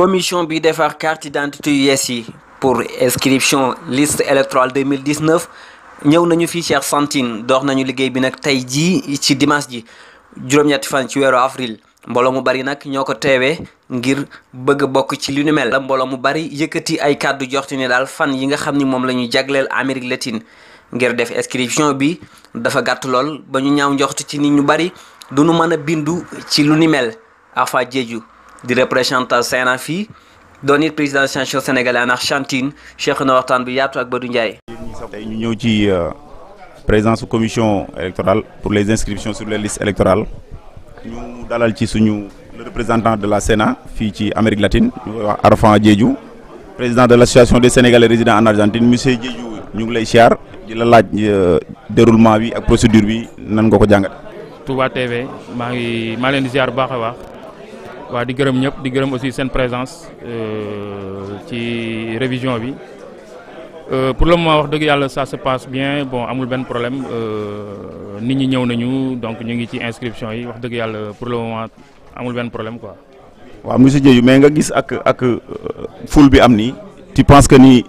commission bi defar carte d'identité yu yees yi pour inscription liste électorale 2019 ñëw nañu fii Cheikh Santine dox nañu liggéey bi nag tey jii ci dimanche ji juróom-ñetti fan ci weeru avril mbooloo mu bari nag ñoo ko teewee ngir bëgg bokk ci lu nu mel la mu bari yëkkati ay kàddu ti ne daal fan yi nga xam ni moom la ñu jagleel Amérique latine ngir def inscription bi dafa gàtt lool ba ñu ñaw njoxtu ci nit ñu bari du nu mën a bindu ci lu ni mel afa jeeju di représentant Sénat fii doon it président sénat sénégalais en Argentine cheikh na waxtaan bi yaatu ak Badou Ndiaye. tey ñu ñëw ci euh, présidence commission électorale pour les inscriptions sur les listes électorales ñu dalal ci suñu le représentant de la sena fii ci Amérique latine ñu koy wax Arfan Diédhiou président de l' association des sénégalais résidents en Argentine monsieur Diédhiou ñu ngi lay siyaar di la laaj euh, déroulement bi ak procédure bi nan nga ko jàngat. TV maa waa di gërëm ñëpp di gërëm aussi seen présence euh, ci révision bi euh, pour le moment wax dëgg yàlla ça se passe bien bon amul benn problème euh, nit ñi ñëw nañu donc ñu ngi ci inscription yi wax dëgg yàlla pour le moment amul benn problème quoi. waaw monsieur Diedhiou mais nga gis ak ak foule bi am nii tu penses que ni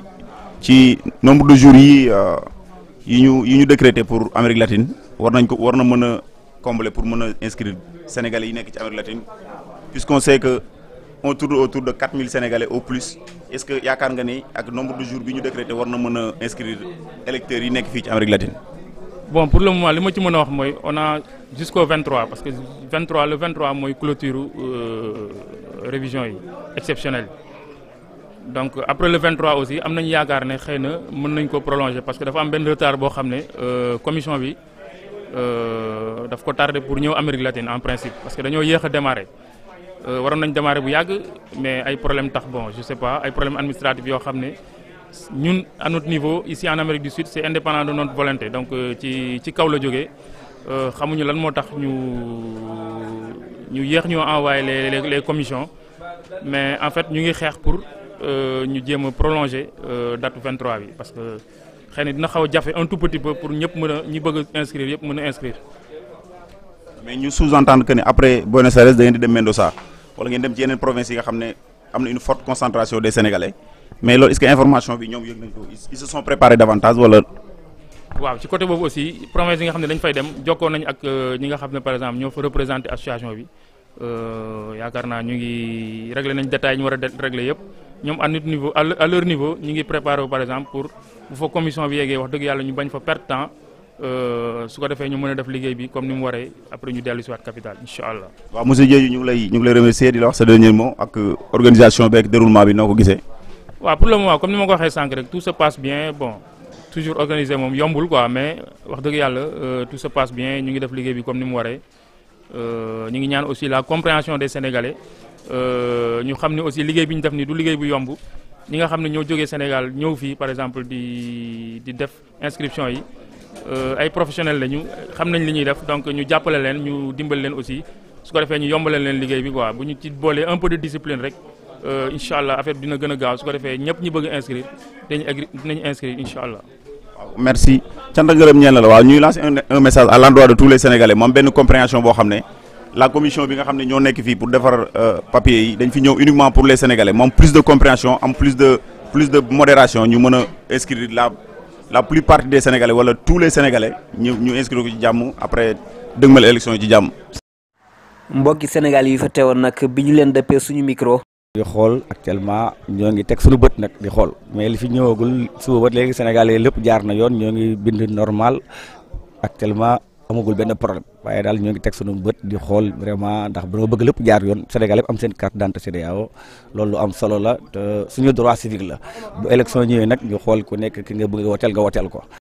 ci nombre de jours yi yi ñu yi ñu décrété pour Amérique latine war nañ ko war na mën a combler pour mën a inscrire sénégalais yi nekk ci Amérique latine. puisqu'on sait que on tourne autour de 4000 Sénégalais au plus est-ce que yaakaar nga ni ak nombre de jours bi ñu décrété war na mën a inscrire électeurs yi nekk fii ci Amérique latine. bon pour le moment li ma ci mën a wax mooy on a jusqu'au 23 parce que 23 le 23 mooy clôture euh, révision yi exceptionnelle donc après le 23 aussi am nañu yaakaar ne xëy na mën nañ ko prolonger parce que dafa am benn retard boo xam ne euh, commission bi euh, daf ko tardé pour ñëw Amérique latine en que dañoo yéex a Euh, waroon nañ démarrer bu yàgg mais ay problème tax bon je sais pas ay problème administratif yoo xam ne ñun à notre niveau ici en Amérique du Sud c'est indépendant de notre volonté donc euh, ci ci kaw la jógee euh, xamuñu lan moo tax ñu ñu yéex ñoo envoyé les les commissions mais en fait ñu ngi xeex pour ñu jéem a prolonger date 23 bi parce que xëy na dina xaw a jafe un tout petit peu pour ñëpp mën a ñi bëgg a inscrire yëpp mën a inscrire. mais ñu sous-entendre que ne après Buenos Aires da ngeen di dem wala ngeen dem ci yeneen province yi nga xam ne am na une forte concentration des sénégalais mais loolu information bi ñoom yëg nañ ko ils se sont préparés davantage wala. waaw ci côté boobu aussi province yi nga xam ne dañ fay dem jokkoo nañ ak euh, ñi nga xam ne par exemple ñoo fa représenté association bi euh, yaakaar naa ñu ngi réglé nañ détails ñu war a réglé yëpp ñoom à notre niveau à leur niveau ñu ngi préparé par exemple pour fa commission bi Euh, su ko defee ñu mën a def liggéey bi comme ni mu waree après ñu dellu si waat capital incha allah. waaw monsieur Diedhiou ñu ngi lay ñu ngi lay remercier di la wax sa dernier mot ak euh, organisation beeg déroulement bi noo ko gisee. waaw pour le moment comme ni ma ko waxee sànq rek tout se passe bien bon toujours organisé moom yombul quoi mais wax dëgg yàlla euh, tout se passe bien ñu ngi def liggéey bi comme ni mu waree ñu ngi ñaan aussi la compréhension des sénégalais ñu xam ne aussi liggéey bi ñu def nii du liggéey bu yomb ñi nga xam ne ñoo jógee Sénégal ñëw fii par exemple di di def inscription yi. Euh, ay professionnels lañu xam nañ li ñuy def donc ñu jàppale leen ñu dimbal leen aussi su ko defee ñu yombalal leen liggéey bi quoi bu ñu ci boolee un peu de discipline rek euh, incha allah affaire bi dina gën gaaw su ko defee ñëpp ñu bëgg a inscrire dañu agri dinañu inscrire incha allah. merci cant ak ngërëm ñeen la waaw ñuy lancer un message à l'endroit de tous les sénégalais moom benn compréhension boo xam ne la commission bi nga xam ne ñoo nekk fii pour defar euh, papier yi dañ fi ñëw uniquement moom plus de compréhension am plus de plus de ñu mën a inscrire la. la plupart des sénégalais wala tous les sénégalais ñu ñu inscrire ko ci jàmm après dëgmal élection yi ci jàmm. mbokki Sénégal yi fa teewoon nag bi ñu leen dëppee suñu micro. di xool actuellement ñoo ngi teg suñu bët nag di xool mais li fi ñëwagul suba ba léegi Sénégalais lépp jaar na yoon ñoo ngi bind normal actuellement. amagul benn problème waaye daal ñoo ngi teg sunu bët di xool vraiment ndax dañoo bëgg lépp jaar yoon Sénégal yëpp am seen carte d'identité CEDEAO loolu am solo la te suñu droit civique la bu élection ñëwee nag ñu xool ku nekk ki nga bëgg a woteel nga woteel ko